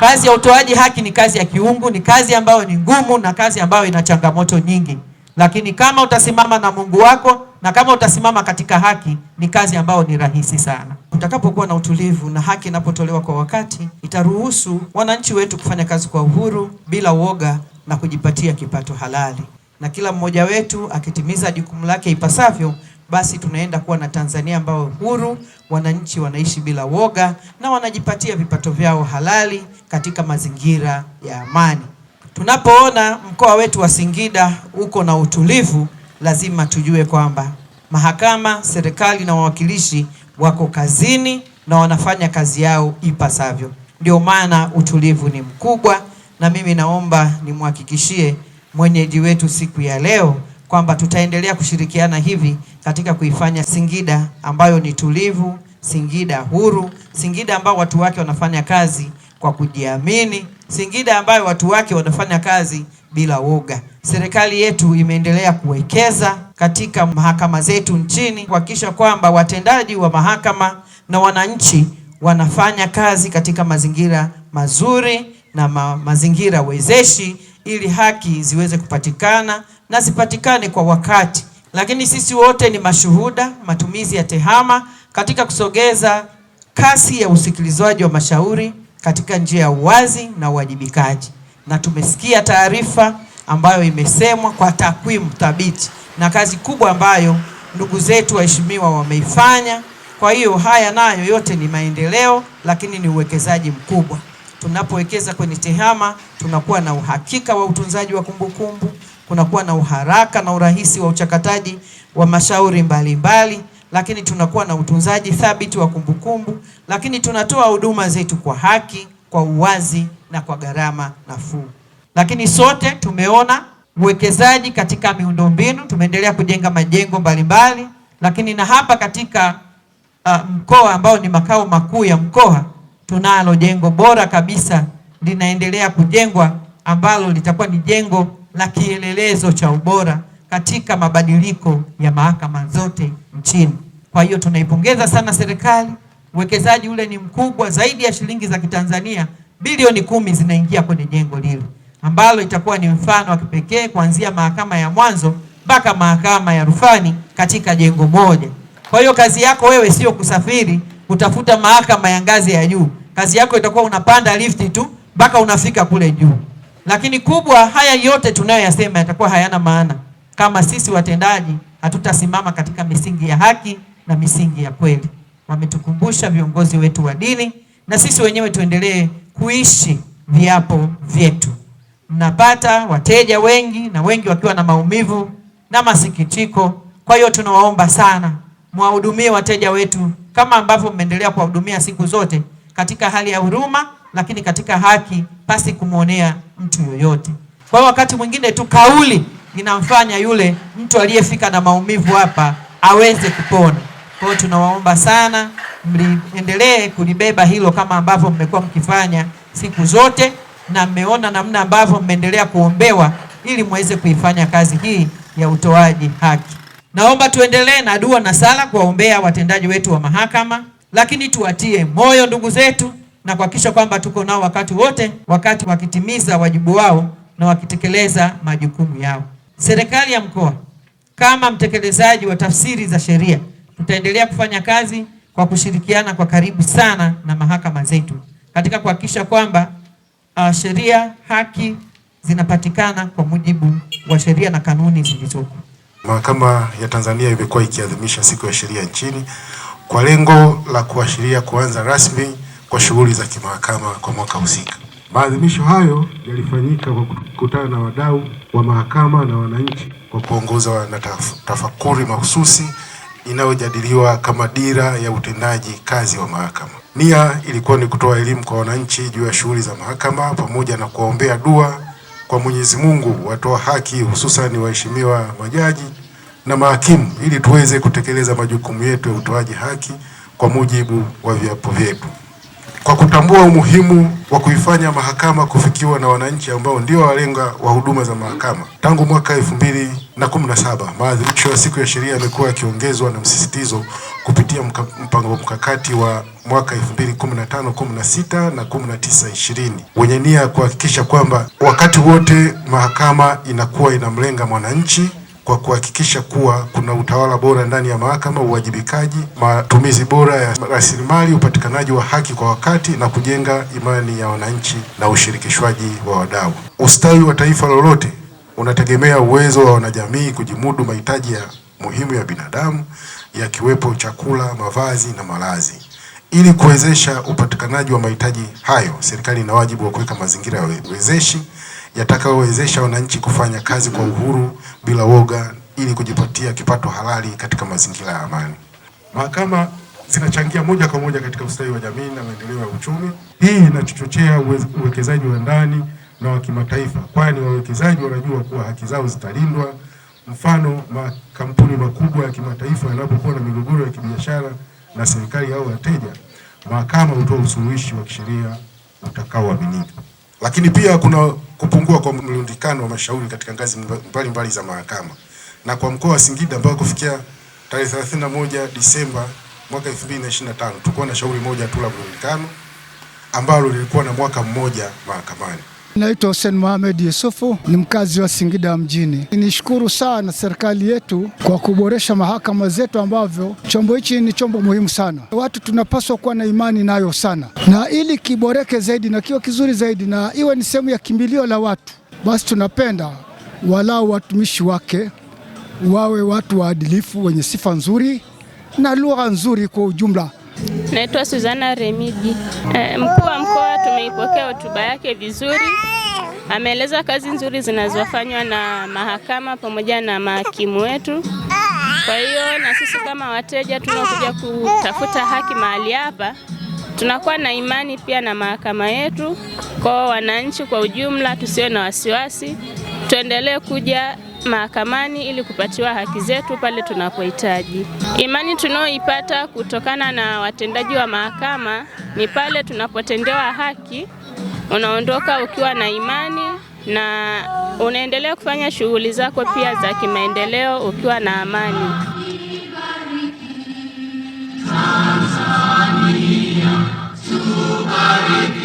Kazi ya utoaji haki ni kazi ya kiungu, ni kazi ambayo ni ngumu na kazi ambayo ina changamoto nyingi, lakini kama utasimama na Mungu wako na kama utasimama katika haki, ni kazi ambayo ni rahisi sana. Tutakapokuwa na utulivu na haki inapotolewa kwa wakati, itaruhusu wananchi wetu kufanya kazi kwa uhuru bila uoga na kujipatia kipato halali, na kila mmoja wetu akitimiza jukumu lake ipasavyo, basi tunaenda kuwa na Tanzania ambayo huru, wananchi wanaishi bila woga na wanajipatia vipato vyao halali katika mazingira ya amani. Tunapoona mkoa wetu wa Singida uko na utulivu, lazima tujue kwamba mahakama, serikali na wawakilishi wako kazini na wanafanya kazi yao ipasavyo. Ndio maana utulivu ni mkubwa, na mimi naomba nimhakikishie mwenyeji wetu siku ya leo kwamba tutaendelea kushirikiana hivi katika kuifanya Singida ambayo ni tulivu, Singida huru, Singida ambayo watu wake wanafanya kazi kwa kujiamini, Singida ambayo watu wake wanafanya kazi bila woga. Serikali yetu imeendelea kuwekeza katika mahakama zetu nchini kuhakikisha kwamba watendaji wa mahakama na wananchi wanafanya kazi katika mazingira mazuri na ma mazingira wezeshi ili haki ziweze kupatikana na zipatikane kwa wakati. Lakini sisi wote ni mashuhuda matumizi ya tehama katika kusogeza kasi ya usikilizwaji wa mashauri katika njia ya uwazi na uwajibikaji, na tumesikia taarifa ambayo imesemwa kwa takwimu thabiti na kazi kubwa ambayo ndugu zetu waheshimiwa wameifanya. Kwa hiyo haya nayo yote ni maendeleo, lakini ni uwekezaji mkubwa. Tunapowekeza kwenye TEHAMA tunakuwa na uhakika wa utunzaji wa kumbukumbu, kunakuwa na uharaka na urahisi wa uchakataji wa mashauri mbalimbali mbali, lakini tunakuwa na utunzaji thabiti wa kumbukumbu, lakini tunatoa huduma zetu kwa haki, kwa uwazi na kwa gharama nafuu. Lakini sote tumeona uwekezaji katika miundombinu, tumeendelea kujenga majengo mbalimbali, lakini na hapa katika uh, mkoa ambao ni makao makuu ya mkoa, tunalo jengo bora kabisa linaendelea kujengwa ambalo litakuwa ni jengo la kielelezo cha ubora katika mabadiliko ya mahakama zote nchini. Kwa hiyo tunaipongeza sana serikali. Uwekezaji ule ni mkubwa, zaidi ya shilingi za Kitanzania bilioni kumi zinaingia kwenye jengo lile ambalo itakuwa ni mfano wa kipekee kuanzia mahakama ya mwanzo mpaka mahakama ya rufani katika jengo moja. Kwa hiyo kazi yako wewe sio kusafiri kutafuta mahakama ya ngazi ya juu. Kazi yako itakuwa unapanda lifti tu mpaka unafika kule juu. Lakini kubwa, haya yote tunayoyasema yatakuwa hayana maana kama sisi watendaji hatutasimama katika misingi ya haki na misingi ya kweli. Wametukumbusha viongozi wetu wa dini, na sisi wenyewe tuendelee kuishi viapo vyetu mnapata wateja wengi na wengi wakiwa na maumivu na masikitiko. Kwa hiyo tunawaomba sana mwahudumie wateja wetu kama ambavyo mmeendelea kuwahudumia siku zote katika hali ya huruma, lakini katika haki, pasi kumwonea mtu yoyote. Kwa hiyo wakati mwingine tu kauli inamfanya yule mtu aliyefika na maumivu hapa aweze kupona. Kwa hiyo tunawaomba sana mliendelee kulibeba hilo kama ambavyo mmekuwa mkifanya siku zote na mmeona namna ambavyo mmeendelea kuombewa ili muweze kuifanya kazi hii ya utoaji haki. Naomba tuendelee na dua na sala kuwaombea watendaji wetu wa mahakama, lakini tuwatie moyo ndugu zetu na kuhakikisha kwamba tuko nao wakati wote, wakati wakitimiza wajibu wao na wakitekeleza majukumu yao. Serikali ya mkoa kama mtekelezaji wa tafsiri za sheria, tutaendelea kufanya kazi kwa kushirikiana kwa karibu sana na mahakama zetu katika kuhakikisha kwamba uh, sheria haki zinapatikana kwa mujibu wa sheria na kanuni zilizopo. Mahakama ya Tanzania imekuwa ikiadhimisha siku ya sheria nchini kwa lengo la kuashiria kuanza rasmi kwa shughuli za kimahakama kwa mwaka husika. Maadhimisho hayo yalifanyika kwa kukutana na wadau wa mahakama na wananchi kwa kuongozwa na tafakuri mahususi inayojadiliwa kama dira ya utendaji kazi wa mahakama. Nia ilikuwa ni kutoa elimu kwa wananchi juu ya shughuli za mahakama pamoja na kuwaombea dua kwa Mwenyezi Mungu watoa haki, hususan waheshimiwa majaji na mahakimu, ili tuweze kutekeleza majukumu yetu ya utoaji haki kwa mujibu wa viapo vyetu kwa kutambua umuhimu wa kuifanya mahakama kufikiwa na wananchi ambao ndio walenga wa huduma za mahakama. Tangu mwaka elfu mbili na kumi na saba maadhimisho ya siku ya sheria yamekuwa yakiongezwa na msisitizo kupitia mpango mkakati wa mwaka elfu mbili kumi na kumi na tisa ishirini wenye nia ya kuhakikisha kwamba wakati wote mahakama inakuwa inamlenga mwananchi kwa kuhakikisha kuwa kuna utawala bora ndani ya mahakama, uwajibikaji, matumizi bora ya rasilimali, upatikanaji wa haki kwa wakati na kujenga imani ya wananchi na ushirikishwaji wa wadau. Ustawi wa taifa lolote unategemea uwezo wa wanajamii kujimudu mahitaji ya muhimu ya binadamu yakiwepo chakula, mavazi na malazi. Ili kuwezesha upatikanaji wa mahitaji hayo, serikali ina wajibu wa kuweka mazingira ya wezeshi yatakayowezesha wananchi kufanya kazi kwa uhuru bila woga ili kujipatia kipato halali katika mazingira ya amani. Mahakama zinachangia moja kwa moja katika ustawi wa jamii na maendeleo ya uchumi. Hii inachochochea uwekezaji wa ndani na wa kimataifa, kwani wawekezaji wanajua kuwa haki zao zitalindwa. Mfano, makampuni makubwa ya kimataifa yanapokuwa na migogoro ya kibiashara na serikali au wateja, mahakama hutoa usuluhishi wa kisheria utakaoaminika. Lakini pia kuna kupungua kwa mlundikano wa mashauri katika ngazi mbalimbali mbali za mahakama, na kwa mkoa wa Singida ambao kufikia tarehe 31 Disemba mwaka 2025 tulikuwa na shauri moja tu la mlundikano ambalo lilikuwa na mwaka mmoja mahakamani. Naitwa Hussein Mohamed Yusufu, ni mkazi wa Singida mjini. Nishukuru sana serikali yetu kwa kuboresha mahakama zetu, ambavyo chombo hichi ni chombo muhimu sana. Watu tunapaswa kuwa na imani nayo sana, na ili kiboreke zaidi na kiwe kizuri zaidi na iwe ni sehemu ya kimbilio la watu, basi tunapenda walau watumishi wake wawe watu waadilifu, wenye sifa nzuri na lugha nzuri kwa ujumla. Naitwa Suzana Remigi, eh, mkuu wa mkoa hotuba yake vizuri. Ameeleza kazi nzuri zinazofanywa na mahakama pamoja na mahakimu wetu. Kwa hiyo na sisi kama wateja tunaokuja kutafuta haki mahali hapa tunakuwa na imani pia na mahakama yetu. Kwa wananchi kwa ujumla, tusiwe na wasiwasi, tuendelee kuja mahakamani ili kupatiwa haki zetu pale tunapohitaji. Imani tunayoipata kutokana na watendaji wa mahakama ni pale tunapotendewa haki unaondoka ukiwa na imani na unaendelea kufanya shughuli zako pia za kimaendeleo ukiwa na amani. Tanzania, tubariki.